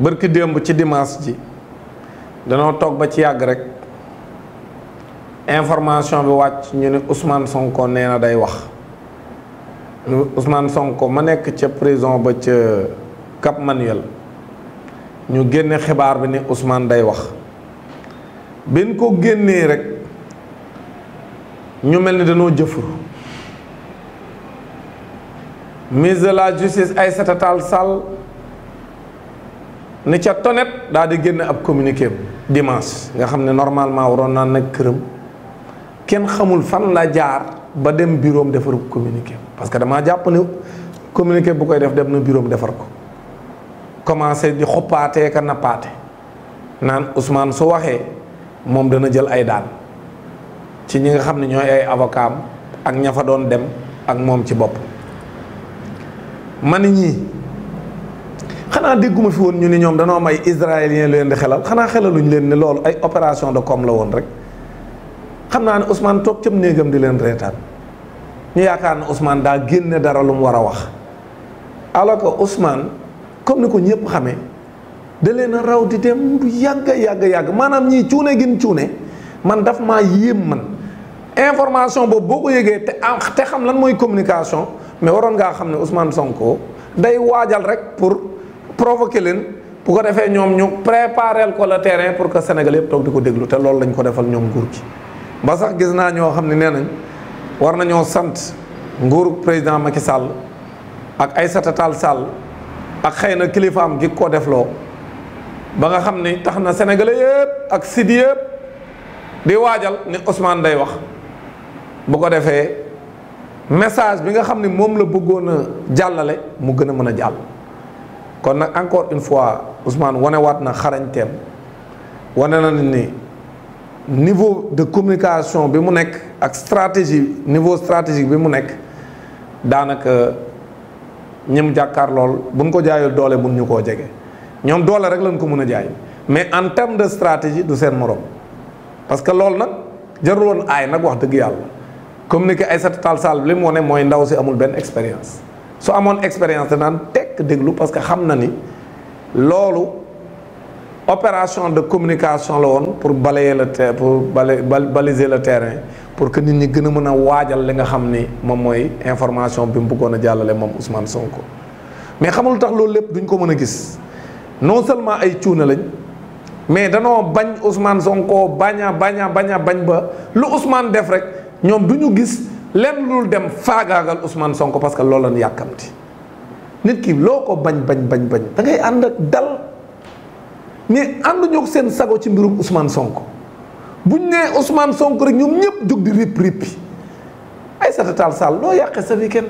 bërki démb ci dimanche ji danoo toog ba ci yàgg rek information bi wàcc ñu ne Ousmane Sonko nee na day wax Ousmane Sonko ma nekk ca prison ba ca Cap Manuel ñu génne xibaar bi ni Ousmane day wax biñ ko génnee rek ñu mel ni dañoo jëfur ministre de la justice Aïssata Tall Sall ni ca tonet daal di génn ab communiqué dimanche nga xam ne normalement waroon naa nag këram kenn xamul fan la jaar ba dem bureau am defar communiqué parce que damaa jàpp ne communiqué bu koy def dem na bureau am defar ko commencé di xoppaatee ka nappaate naan Ousmane su waxee moom dana jël ay daan ci ñi nga xam ne ñooy ay avocat ak ña fa doon dem ak moom ci bopp man ñii xanaa dégguma fi woon ñu ni ñoom danoo may israélien leen di xelal xanaa xelaluñ leen ne loolu ay opération de com la woon rek xam naa ne Ousmane toog cëm néegam di leen reetaan ñu yaakaar ne Ousmane daa génne dara lu mu war a wax alors que Ousmane comme ni ko ñëpp xamee da leen a raw di dem du yàgg yàgg yàgg maanaam ñii cuune gin cuune man daf maa yéem man information boobu boo ko yëgee te xam lan mooy communication mais waroon ngaa xam ne Ousmane Sonko day waajal rek pour. provoqué leen bu ko defee ñoom ñu préparel ko la terrain pour que Sénégal yëpp toog di ko déglu te loolu lañ ko defal ñoom nguur gi ba sax gis naa ñoo xam ne nee nañ war nañoo sant nguur président Macky sàll ak ay Tall sàll ak xëy na kilifaam gi ko defloo ba nga xam ni tax na sénégalais yëpp ak sidi yëpp di waajal ni Ousmane day wax bu ko defee message bi nga xam ne moom la bëggoon a jàllale mu gën a mën a jàll kon nag encore une fois wane waat na xarañteem wane na ni niveau de communication bi mu nekk ak stratégie niveau stratégique bi mu nekk daanaka ñim jàkkaar lool buñ ko jaayul doole mun ñu koo jege ñoom doole rek lañ ko mun a jaay mais en terme de stratégie du seen morom parce que loolu nag jarul woon aay nag wax dëgg yàlla communiquer Aïssata Tall Sall li mu wane mooy ndaw si amul benn expérience su amoon expérience danaan nekk déglu parce que xam na ni loolu opération de communication la woon pour balayer le terrain pour baliser le terrain pour que nit ñi gën a mën a waajal li nga xam ni moom mooy information bi mu buggoon a jàllale moom Ousmane Sonko mais xamul tax loolu lépp duñ ko mën a gis non seulement ay cuuna lañ mais danoo bañ Ousmane Sonko baña baña baña bañ ba lu Ousmane def rek ñoom du ñu gis lenn lu dem faagaagal Ousmane Sonko parce que loolu yàkkamti nit kii loo ko bañ bañ bañ bañ da ngay ànd ak dal ni ànduñu seen sago ci mbirum Ousmane Sonko buñ nee Ousmane sonk rek ñoom ñëpp jóg di rip rippi Aïssata Tall Sall loo yàqe sa weekend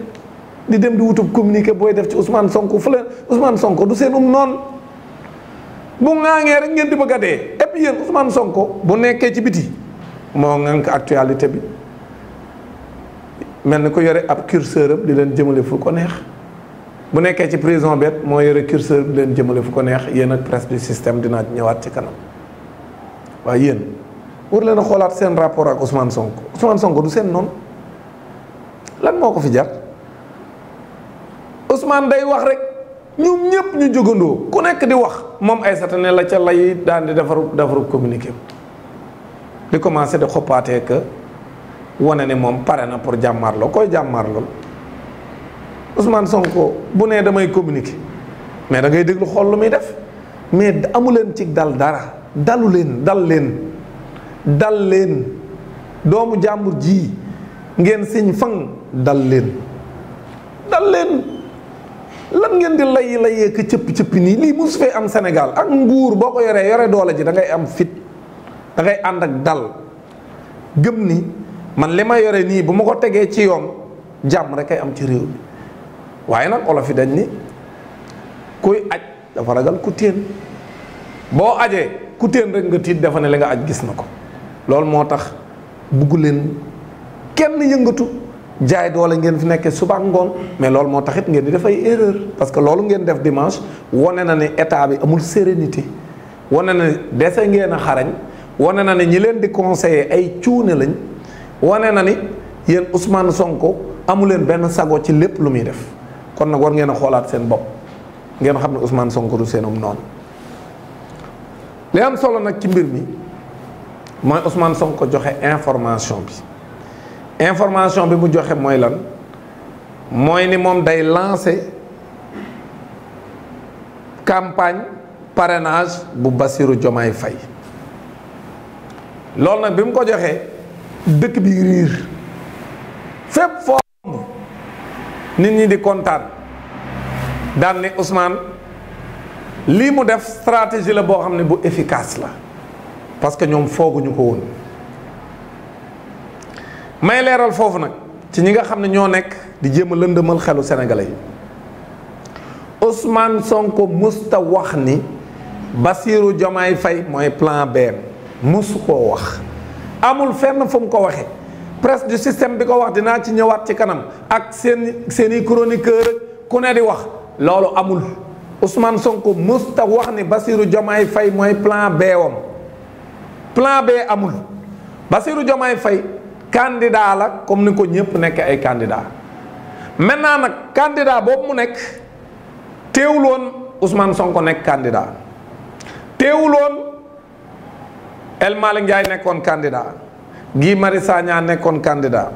di dem di wutub communiqué booy def ci Ousmane sonk fu leen Ousmane Sonko du seen um noonu bu ŋaangee rek ngeen di bëgg a dee et puis yéen Ousmane Sonko bu nekkee ci biti moo ngànk actualité bi mel ni ko yore ab curseur di leen jëmale fu ko neex. bu nekkee ci prison bet moo yore curseur bi leen jëmale fu ko neex yéen ak presse bi système dinaa ñëwaat ci kanam waaye yéen war leen a xoolaat seen rapport ak Ousmane sonk Ousmane Sonko du seen noonu lan moo ko fi jar Ousmane day wax rek ñoom ñëpp ñu jógandoo ku nekk di wax moom ay sata ne la ca lay daan di defaru defaru communiqué di commencé di xoppaatee que wane ne moom pare na pour jàmmaar jàmmaarloo koy jàmmaarlool Ousmane Sonko bu nee damay communiquer mais da ngay déglu xool lu muy def mais amuleen ci dal dara dalu leen dal leen dal leen doomu jàmbur ji ngeen siñ fan dal leen dal leen lan ngeen di lay layee ka cëpp cëpp nii lii mu su fee am Sénégal ak nguur boo ko yoree yore doole ji dangay ngay am fit dangay ngay ànd ak dal gëm ni man li ma yore nii bu ma ko tegee ci yoon jàmm rek ay am ci réew waaye nag olof yi dañ ni kuy aj dafa ragal ku téen boo ajee ku téen rek nga tiit dafa ne li nga aj gis na ko loolu moo tax bugg leen kenn yëngatu jaay doole ngeen fi nekkee suba ngoon mais loolu moo taxit ngeen di dafay ay erreur parce que loolu ngeen def dimanche wane na ne état bi amul sérénité wane na dese ngeen a xarañ wane na ne ñi leen di conseiller ay cuune lañ wane na ni yéen Ousmane Sonko amu leen benn sago ci lépp lu muy def. kon nag war ngeen a xoolaat seen bopp ngeen xam ne Ousmane Sonko du seenum noonu li am solo nag ci mbir mi mooy Ousmane ko joxe information bi information bi mu joxe mooy lan mooy ni moom day lancer campagne parenage bu Bassirou Diomaye fay loolu nag bi mu ko joxee dëkk bi riir fépp foo nit ñi di kontaan daan ne Ousmane lii mu def stratégie la boo xam ne bu efficace la parce que ñoom fooguñu ko woon may leeral foofu nag ci ñi nga xam ne ñoo nekk di jéem a lëndëmal xelu sénégalais yi Ousmane Sonko musta wax ni Bassirou Diomaye fay mooy plan B musu koo wax amul fenn fu mu ko waxee. presque du système bi ko wax dinaa ci ñëwaat ci kanam ak seen seeni i chroniqueur ku ne di wax loolu amul Ousmane Sonko musta wax ni Bassirou Diomaye Faye mooy plan B wam plan B amul Bassirou Diomaye fay candidat la comme ni ko ñëpp nekk ay candidat maintenant nag candidat boobu mu nekk teewul woon Ousmane Sonko nekk candidat teewul woon El Malick Ndiaye nekkoon candidat Guy Marius Sagna nekkoon candidat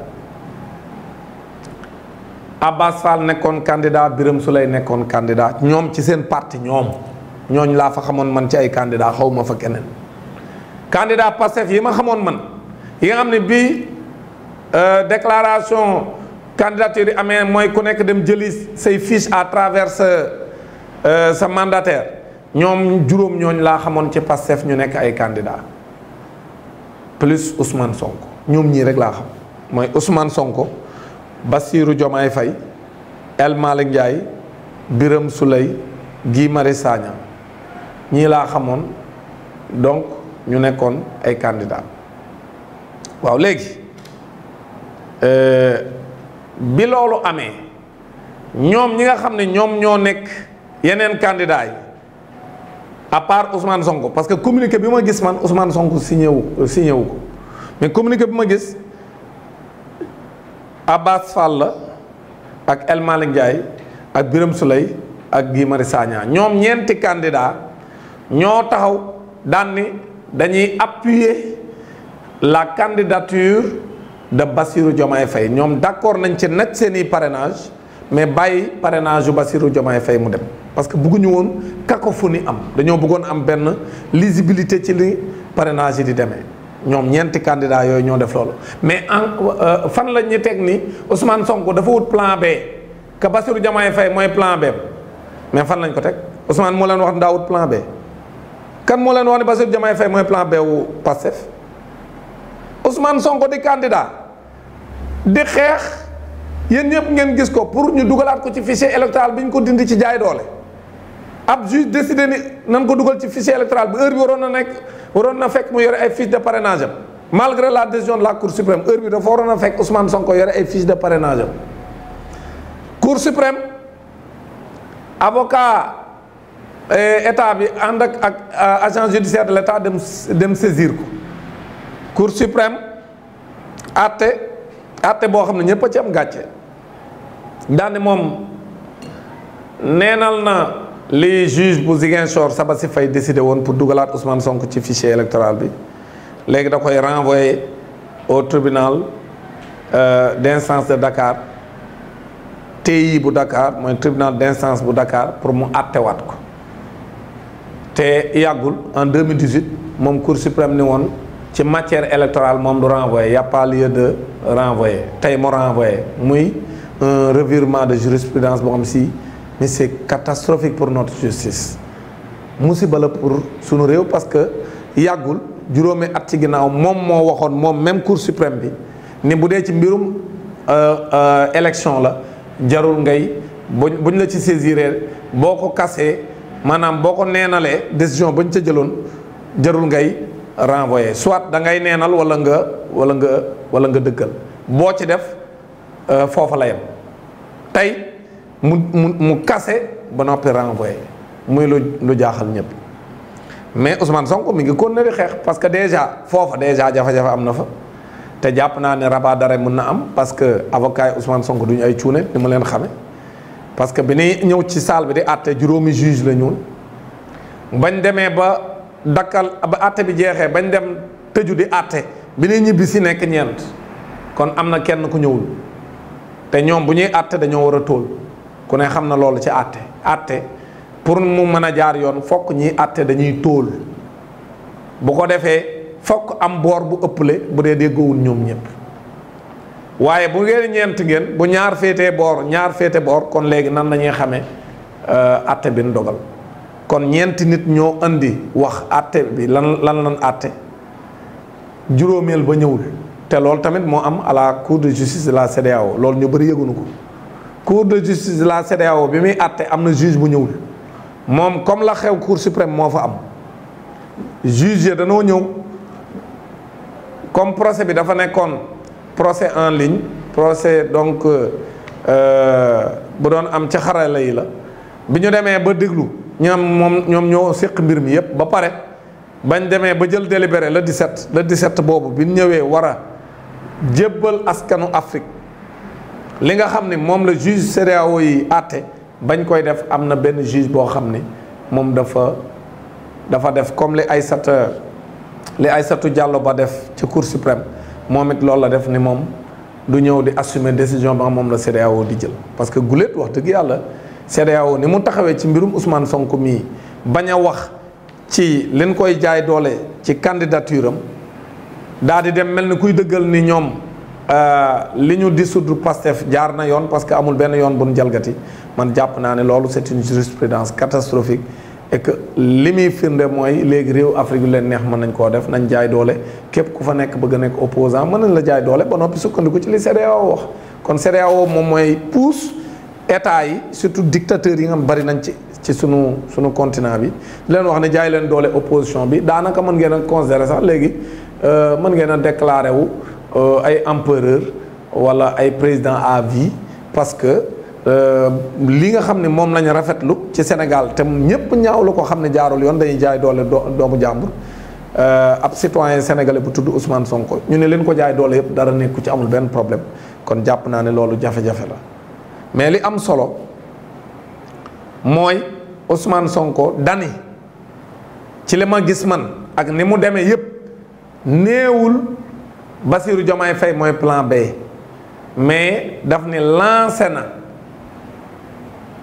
Abbas Fall nekkoon candidat Birame Souleye nekkoon candidat ñoom ci seen parti ñoom ñooñ laa fa xamoon man ci ay candidat xaw ma fa keneen candidat Pastef yi ma xamoon man yi nga xam ne bii euh, déclaration candidature yi amee mooy ku nekk dem jëli say fiche à travers sa euh, mandataire ñoom juróom ñooñ laa xamoon ci Pastef ñu nekk ay candidat plus Ousmane sonk ñoom ñii rek laa xam mooy Ousmane Sonko Bassirou Diomaye Faye El Malick Ndiaye Birame Souleye Guy Marius Sagna ñii laa xamoon donc ñu nekkoon ay candidat waaw léegi euh, bi loolu amee ñoom ñi nga xam ne ñoom ñoo nekk yeneen candidat yi à part Ousmane Sonko parce que communiqué bi ma gis man Ousmane sonk si wu euh, si wu ko mais communiqué bi ma gis Abbas Fall la ak El Malick ak biram Souleye ak Guy Marius ñoom ñeenti candidat ñoo taxaw daan dañuy appuyer la candidature de Bassirou Diomaye Faye ñoom d'accord nañ ci nag seeni parrainage mais bàyyi parrainage yu Bassirou Diomaye fay mu dem parce que bëgguñu woon ni am dañoo bëggoon am benn lisibilité ci li parrainage yi di demee ñoom ñeenti candidat yooyu ñoo def loolu mais en euh, fan la ñu teg ni Ousmane Sonko dafa wut plan B que Bassirou Diomaye mooy plan B mais fan lañ ko teg Ousmane moo leen wax daa wut plan kan moo leen wax ni Bassirou Diomaye Faye mooy plan B wu Pastef Ousmane Sonko di candidat di xeex. yéen ñëpp ngeen gis ko pour ñu dugalaat ko ci fichier électoral bi ñu ko dindi ci jaay doole ab juge décidé ni nan ko dugal ci fichier électoral bi heure bi waroon na nekk waroon na fekk mu yore ay fiche de parrainage am malgré la décision de la cour suprême heure bi a fekk Ousmane Sonko yore ay fiche de parrainage am cour avocat eh, état bi ànd ak ak euh, agent judiciaire de l' état dem dem saisir ko cour suprême àtte àtte boo xam ne ñëpp a ci am gàcce daane moom neenal na li juge bu Ziguinchor Sabassy fay décidé woon pour dugalaat Ousmane Sonko ci fichier électoral bi léegi da koy renvoyé au tribunal euh, d'instance de Dakar TI bu Dakar mooy tribunal d'instance bu Dakar pour mu àttewaat ko te yàggul en 2018 moom Cour suprême ni woon ci matière électorale moom du renvoyé y lieu de renvoyer tey mu renvoyé muy un revirement de jurisprudence boo xam si mais c'est catastrophique pour notre justice musiba la pour sunu réew parce que yàggul juróomi at ci ginnaaw moom moo waxoon moom même cour suprême bi ni bu dee ci mbirum euh, euh, élection la jarul ngay buñ buñ la ci saisiree boo ko kasee maanaam boo ko neenalee décision bañ ca jëloon jarul ngay renvoyé soit da ngay neenal wala nga wala nga wala nga dëggal boo ci def Euh, foofa la yem tey mu mu mu kase ba noppi renvoyé muy lu lu jaaxal ñëpp mais Ousmane Sonko mi ngi continuer di xeex parce que déjà foofa déjà jafe-jafe am na fa te jàpp naa ne rabat d'arrêt mën na am parce que avocat yi Ousmane Sonko duñu ay cuune ni ma leen xame parce que bi ñuy ñëw ci salle bi di àtte juróomi juge la ñuul bañ demee ba dakkal ba àtte bi jeexee bañ dem tëju di àtte bi ñuy ñibbi si nekk ñeent kon am na kenn ku ñëwul te ñoom bu ñuy àtte dañoo war a tóol ku ne xam na loolu ci àtte àtte pour mu mën a jaar yoon fokk ñiy àtte dañuy tóol bu ko defee fokk am boor bu ëpple bu dee déggoowul ñoom ñëpp waaye bu ngeen ñeent ngeen bu ñaar féetee boor ñaar féete boor kon léegi nan la ñuy xamee euh, àtte bi nu dogal kon ñeenti nit ñoo indi wax àtte bi lan lan lan àtte juróomeel ba ñëwul te loolu tamit moo am à la cour de justice de la CEDEAO loolu ñu bëri yëgunu ko cour de justice de la CEDEAO bi muy àtte am na juge bu ñëwul moom comme la xew cour suprême moo fa am juge ya danoo ñëw comme procès bi dafa nekkoon procès en ligne procès donc euh, euh, bu doon am ci xarala yi la bi ñu demee ba déglu ñoom moom ñoom ñoo séq mbir mi yépp ba pare bañ demee ba jël délibéré le 17 le 17 boobu bi ñu ñëwee war a jébbal askanu Afrique li nga xam ne moom la juge CEDEAO yi àtte bañ koy def am na benn juge boo xam ne moom dafa dafa def comme li Aïssata li ay satu Diallo ba def ci Cour suprême moom it loolu la def ni moom du ñëw di assumé décision ba moom la CEDEAO di jël parce que guléet wax dëgg yàlla CEDEAO ni mu taxawee ci mbirum Ousmane Sonko mii bañ a wax ci lin koy jaay doole ci candidature am daa di dem mel ni kuy dëggal ni ñoom euh, li ñu dissoudre Pastef jaar na yoon parce que amul benn yoon bu nu jalgati man jàpp naa ne loolu c'est une jurisprudence catastrophique et que li muy firnde mooy léegi réew Afrique yu leen neex mën nañ koo def nañ jaay doole képp ku fa nekk bëgg a nekk opposant mën nañ la jaay doole ba noppi sukkandiku ci li CEDEAO wax kon CEDEAO moom mooy pousse état yi surtout dictateurs yi nga bari nañ ci ci sunu sunu continent bi leen wax ne jaay leen doole opposition bi daanaka mën a considérer sax léegi Euh, mën ngeen a déclaré wu euh, ay empereur wala ay président à vie parce que euh, li nga xam ne moom lañu rafetlu ci Sénégal te ñëpp ñaawlu ko xam ne jaarul yoon dañuy jaay doole doomu jàmbur ab citoyen sénégalais bu tudd Ousmane Sonko ñu ne leen ko jaay doole yëpp dara nekku ci amul benn problème kon jàpp naa ne loolu jafe-jafe la mais li am solo mooy Ousmane Sonko dani ci li ma gis man ak ni mu demee yëpp. néewul Bassirou Diomaye Faye mooy plan B mais daf ni lancé na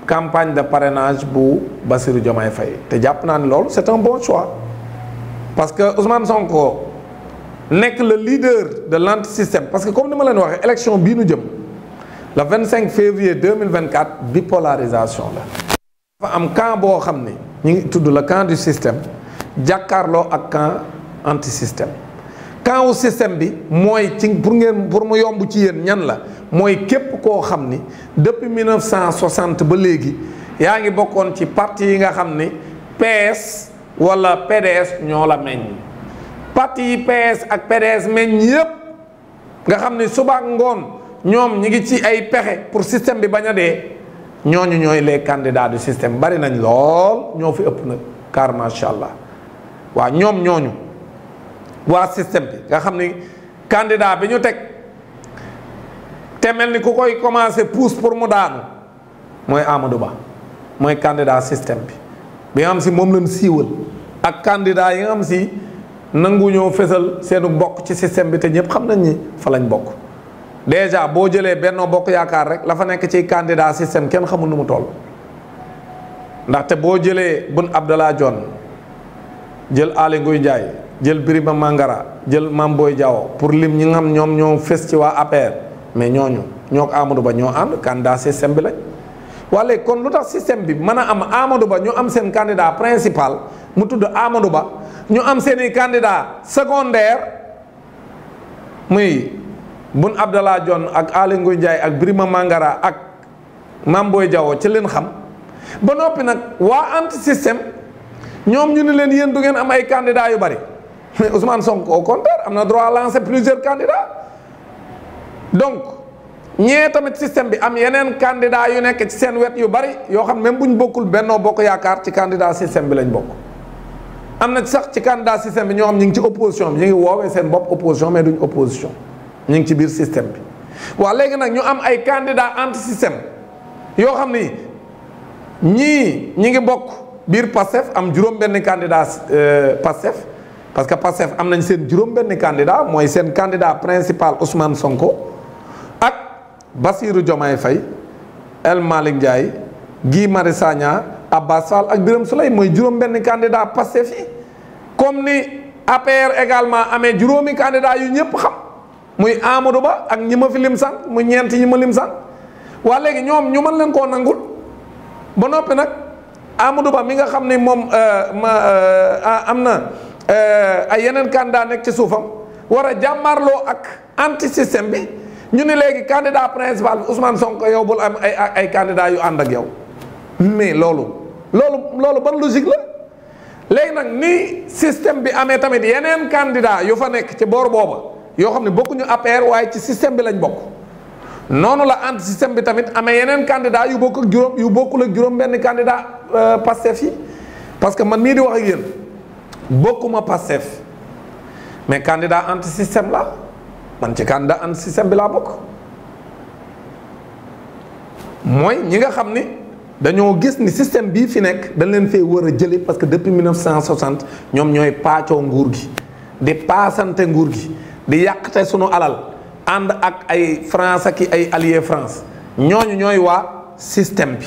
campagne de parrainage bu Bassirou Diomaye Faye te jàpp naa ni lool c'est un bon choix parce que Ousmane Sonko nekk la leader de l'antisystème parce que comme ni ma leen waxe élection bii nu jëm le 25 février 2024 bipolarisation la dafa am camp boo xam ni ñu ngi tudd la camp du système jàkkaarloo ak camp antisystème kaaw système bi mooy ci pour ngeen pour mu yomb ci yéen ñan la mooy képp koo xam ni depuis 1960 ba léegi yaa ngi bokkoon ci parti yi nga xam ni PS walla PDS ñoo la meññ parti yi PS ak PDS meññ yépp nga xam ni suba ngoon ñoom ñi ngi ci ay pexe pour système bi bañ a dee ñooñu ñooy les candidats du système bari nañ lool ñoo fi ëpp nag car macha allah waa ñoom ñooñu. waa système bi nga xam ni candidat bi ñu teg te mel ni ku koy commencé pouse pour mu daanu mooy Amadou Ba mooy candidat système bi bi nga xam si moom lañ siiwal ak candidat yi nga xam si nangu ñoo seenu bokk ci système bi te ñëpp xam nañ ni fa lañ bokk déjà boo jëlee Benno Bokk Yaakaar rek la fa nekk ci candidat système kenn xamul nu mu toll ndaxte boo jëlee bun Abdallah Dionne jël Aly nguy Ndiaye jël Birima Mangara jël Mame Boye Diao pour lim ñi nga xam ñoom ñoo fës ci waa APR mais ñooñu ñoo ko Amadou Ba ñoo ànd candidat système bi lañ. wala kon lu tax système bi mën a am Amadou Ba ñu am seen candidat principal mu tudd Amadou Ba ñu am seeni i candidat secondaire muy Boun Abdallah Dionne ak Aly Ngouille Ndiaye ak Birima Mangara ak Mame Boye Diao ci leen xam ba noppi nag waa anti système ñoom ñu ne leen yéen du ngeen am ay candidaa yu bari mais Ousmane Sonko au am na droit lancer plusieurs candidats donc ñee tamit système bi am yeneen candidat yu nekk ci seen wet yu bari yoo xam même bu ñu bokkul Benno Bokk Yaakaar ci candidat système bi lañ bokk. am na sax ci candidat système bi ñoo xam ñu ngi ci opposition bi ñu ngi woowee seen bopp opposition mais duñ opposition ñu ngi ci biir système bi waa léegi nag ñu am ay candidat anti système yoo xam ni ñii ñi ngi bokk biir Pastef am juróom benn candidat euh, Pastef parce que Pastef am nañ seen juróom-benn candidat mooy seen candidat principal Ousmane Sonko ak Bassirou Diomaye Faye El Malick Ndiaye Guy Marius Abbas Fall ak Birame Souleye mooy juróom-benn candidat Pastef yi comme ni APR également amee juróomi candidat yu ñëpp xam muy Amadou Ba ak ñi ma fi lim sànq muy ñeent ñi ma lim sànq waa léegi ñoom ñu mën leen koo nangul ba noppi nag Amadou Ba mi nga xam ni moom euh, ma euh, am na. Euh, ay yeneen candidat nekk ci suufam war a jàmmarloo ak anti système bi ñu ni léegi candidat principal bi Ousmane Sonko yow bul am ay ay candidat yu ànd ak yow mais loolu loolu loolu ban logique la léegi nag ni système bi amee tamit yeneen candidat yu fa nekk ci boor booba yoo xam ne bokkuñu APR waaye ci système bi lañ bokk noonu la anti système bi tamit amee yeneen candidaa yu bokk ak juróom yu bokkul ak juróom benn candidat euh, Pastef yi parce que man mii di ak yéen bokkuma Pastef mais candidat anti système la man ci candidat anti système bi laa bokk mooy ñi nga xam ni dañoo gis ni système bii fi nekk dañ leen fee war a jële parce que depuis 1960 ñoom ñooy paacoo nguur gi di paasante nguur gi di yàqte suñu alal ànd ak ay France ak i ay alliés France ñooñu ñooy waa système bi